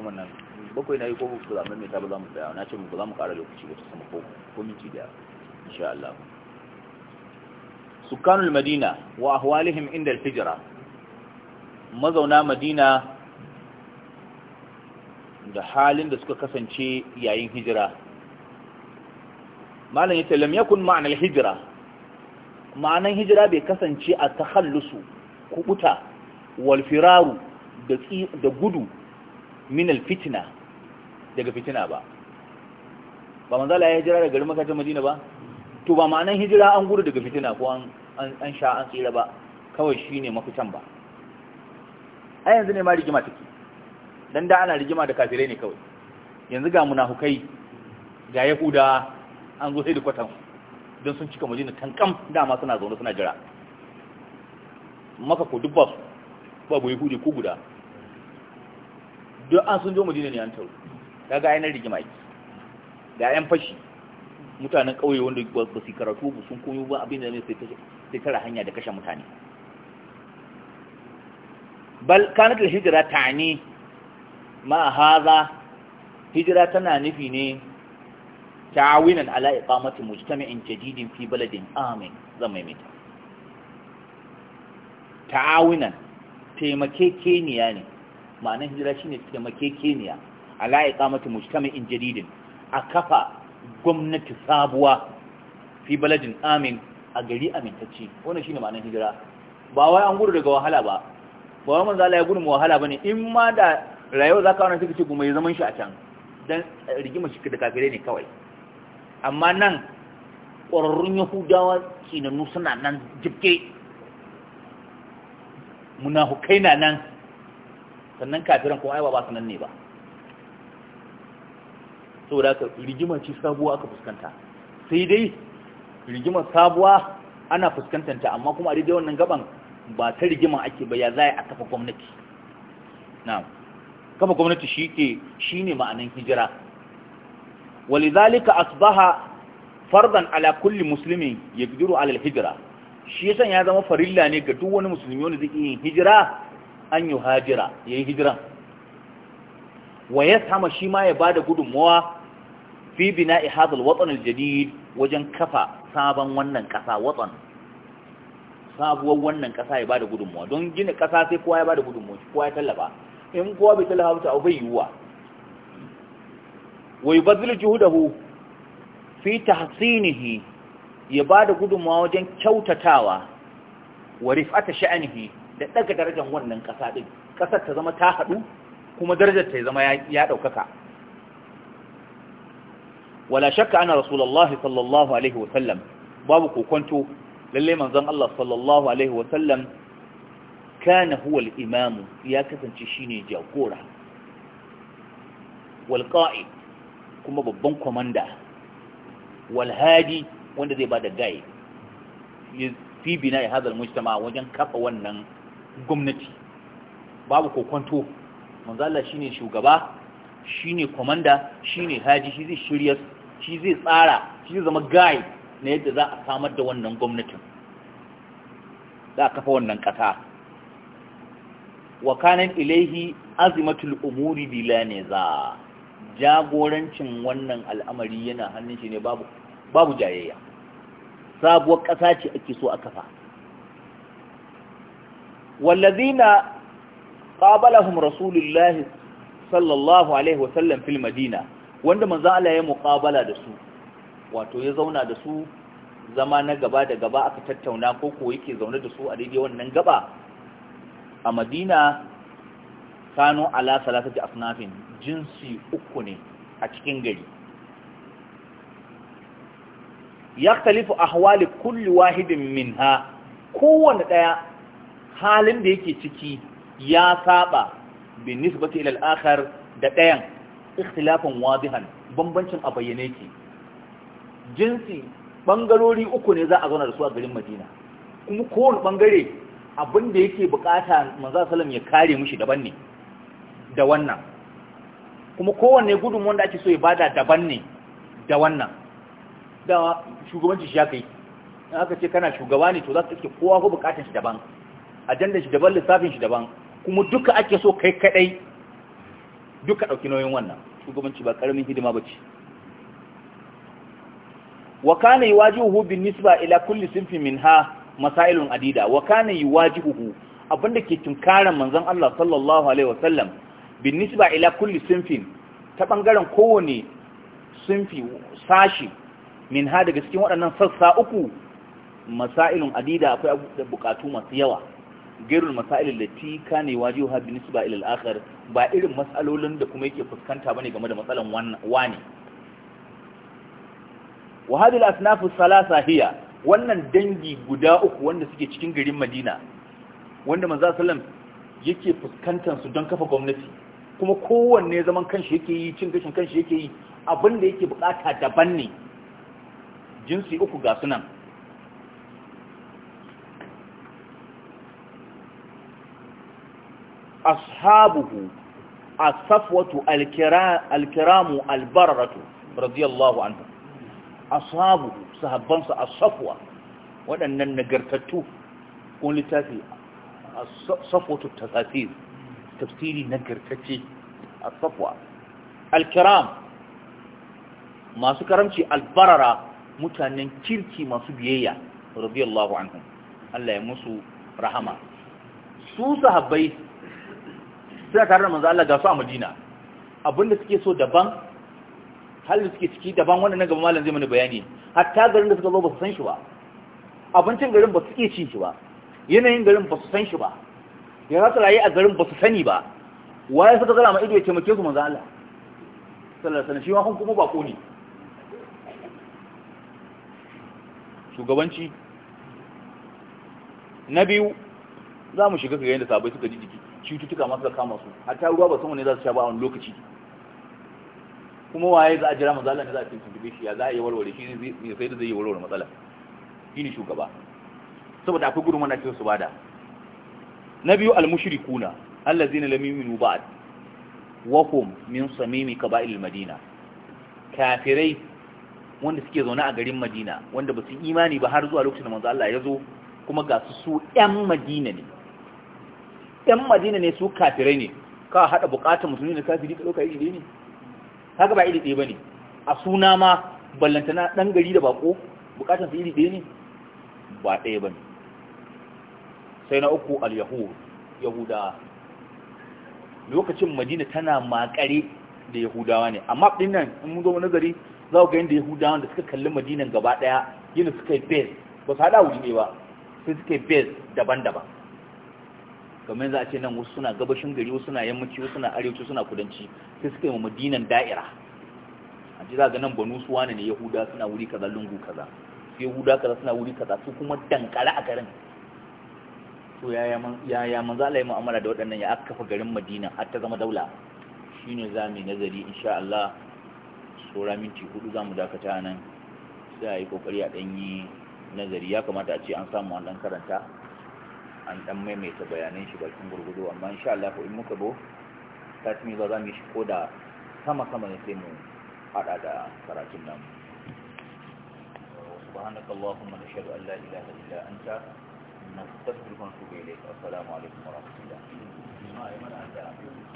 goma nan bakwai na yi ko ku zamu mai ta ba za mu tsaya na ce mu za mu ƙara lokaci ba ta sama ko ko minti da insha Allah sukanul madina wa ahwalihim inda al-hijra mazauna madina da halin da suka kasance yayin hijira malam yace lam yakun ma'na al-hijra ma'anan hijira bai kasance a takhallusu kubuta wal firaru da gudu Minal fitna daga fitina ba ba manzo Allah ya hijira daga garin Madina ba to ba ma'anan hijira an gudu daga fitina ko an sha an tsira ba kawai shine mafitan ba a yanzu ne ma rigima take don da ana rigima da kafirai ne kawai yanzu ga munafukai ga yahuda an zo sai da kwatan don sun cika madina tankam dama suna zaune suna jira maka ko dubba babu yi babu ko guda don an sun zo mu madina ne an taru ga ainihin rigima yake ga 'yan fashi mutanen ƙauye wanda ba su karatu ba sun koyo ba abin da ne sai tara hanya da kashe mutane bal kanat hijira ta ne ma haza hijira tana nufi ne ta'awinan ala iqamati mujtami'in jadidin fi baladin amin zan maimaita ta'awunan taimakekeniya ne ma'anar hijira shine da makekeniya ala kamata mujtama'in jaridin a kafa gwamnati sabuwa fi baladin amin a gari amintacci wannan shine ma'anar hijira ba wai an gudu daga wahala ba ba wai manzala ya gudu ma wahala bane in ma da rayuwa za zaka wani suka ce kuma ya zaman shi a can dan rigima shi da kafire ne kawai amma nan ƙwararrun yahudawa kinanu suna nan Muna hukai na nan sannan kafiran kuma aiwa ba su nan ne ba saboda ka rigimar ci sabuwa aka fuskanta sai dai rigimar sabuwa ana fuskantanta amma kuma a daidai wannan gaban ba ta rigima ake ba ya za a kafa gwamnati na kafa gwamnati shi ke shi ne ma'anin hijira walizalika asbaha fardan ala kulli muslimin ya gidiru alal hijira shi yasan ya zama farilla ne ga duk wani musulmi wanda zai yin hijira an yi hajira ya yi hijiran wa ya sama shi ma ya ba da gudunmawa fi bina ihadul watsan aljadid wajen kafa sabon wannan kasa watsan sabuwar wannan kasa ya ba da gudunmawa don gina kasa sai kowa ya ba da gudunmawa kowa ya tallafa in kowa bai tallafa abu bai yiwuwa wa yubadhilu juhudahu fi tahsinihi ya ba da gudunmawa wajen kyautatawa wa rif'ata sha'anihi da daga darajar wannan ƙasa din ƙasar ta zama ta haɗu kuma darajar ta zama ya ɗaukaka wala shakka ana rasulullahi sallallahu alaihi wa sallam babu kokonto lalle manzon Allah sallallahu alaihi wa sallam kana huwa al-imam ya kasance shine jagora wal qa'id kuma babban komanda wal hadi wanda zai bada gai fi bina ya hadal mujtama wajen kafa wannan gwamnati babu kokonto manzo Allah shine shugaba shine komanda shine haji shi zai shirya shi zai tsara shi zai zama guide na yadda za a samar da wannan gwamnatin za a kafa wannan kasa wa kanan ilaihi azimatul umuri bila niza jagorancin wannan al'amari yana hannun shi ne babu babu jayayya sabuwar kasa ce ake so a kafa wallazina qabalahum rasulullahi sallallahu alaihi wasallam fil madina wanda manzo Allah ya muqabala da su wato ya zauna da su zama na gaba da gaba aka tattauna ko ko yake zaune da su a daidai wannan gaba a Madina kano ala salatati asnafin jinsi uku ne a cikin gari yaktalifu ahwali kulli wahidin minha kowanne daya halin da yake ciki ya saba bin nisbati ila al-akhar da ɗayan ikhtilafan wadihan bambancin a bayyane jinsi bangarori uku ne za a zauna da su a garin Madina kuma kowane bangare abin da yake bukata manzo sallam ya kare mushi daban ne da wannan kuma kowane gudun wanda ake so ya bada daban ne da wannan da shugabanci shi ya kai aka ce kana shugaba ne to za su iske kowa ko bukatun shi daban ajandar shi daban lissafin shi daban kuma duka ake so kai kadai duka dauki nauyin wannan shugabanci ba karamin hidima bace wa kana yuwajihu bin nisba ila kulli sinfi minha masailun adida wa kana yuwajihu abinda ke tunkaran manzon Allah sallallahu alaihi wasallam bin nisba ila kulli sinfin ta bangaren kowane sinfi sashi min ha daga cikin waɗannan sassa uku masailun adida akwai bukatu masu yawa gairul da lati kane Waje, ha bi nisba ila al ba irin matsalolin da kuma yake fuskanta bane game da matsalan wani wa hadhihi al-asnaf thalatha hiya wannan dangi guda uku wanda suke cikin garin Madina wanda manzo sallam yake fuskantar su don kafa gwamnati kuma kowanne zaman kanshi yake yi cin gashin kanshi yake yi abinda yake bukata daban ne jinsi uku ga sunan ashabuhu asafwatu alkiramu albarratu radiyallahu anhu ashabuhu sahabbansa asafwa waɗannan nagartattu kun littafi asafwatu tasafir tafsiri nagartacce asafwa alkiram masu karamci albarara mutanen kirki masu biyayya radiyallahu anhum Allah ya musu rahama su sahabbai sai tare da manzo Allah ga su a Madina abinda suke so daban hal suke ciki daban wannan na gaba malam zai mana bayani hatta garin da suka zo ba su san shi ba abincin garin ba suke cin shi ba yanayin garin ba su san shi ba ya rasa rayi a garin ba su sani ba waye suka zara ma ido ya taimake su manzo Allah sallallahu alaihi wasallam shi ma kuma ko ne shugabanci na biyu za mu shiga ga yadda sabai suka ji jiki cututtuka masu kama su ta ruwa ba sun ne za su sha ba a wani lokaci kuma waye za a jira manzo ne za a tuntube shi ya za a yi warware shi ne sai da zai yi warware matsala shi ne shugaba saboda akwai gudun wanda su bada na biyu al kuna, Allah zai yu'minu ba'd wa hum min samimi kaba'il madina kafirai wanda suke zaune a garin Madina wanda ba su imani ba har zuwa lokacin da manzo Allah ya zo kuma ga su su 'yan Madina ne yan madina ne su kafirai ne ka hada bukatar musulmi da kafiri ka lokaci iri ne haka ba iri ɗaya bane a suna ma na dan gari da bako bukatar su iri ɗaya ne ba ɗaya bane sai na uku al-yahud yahuda lokacin madina tana makare da yahudawa ne amma ɗinnan in mun zo nazari za ku ga yadda yahudawa da suka kalli madinan gaba ɗaya yadda suka yi base ba su hada wuri ne ba sai suka yi base daban-daban kamar za a ce nan wasu suna gabashin gari wasu suna yammaci wasu suna arewaci suna kudanci sai suka yi madinan da'ira a ji za ga nan banu suwa ne yahuda suna wuri kaza lungu kaza su yahuda kaza suna wuri kaza su kuma dankara a garin to yaya za a layi mu'amala da waɗannan ya aka kafa garin Madina har ta zama daula shine za mu nazari insha Allah tsora minti hudu za mu dakata nan sai a yi kokari a ɗanyi nazari ya kamata a ce an samu wannan karanta an dan maimaita bayanan shi bakin gurgudu amma insha Allah in muka bo ta tasmi ba za mu shi koda sama sama ne sai mu hada da karatun nan سبحانك اللهم نشهد أن لا إله إلا أنت إليك السلام عليكم ورحمة الله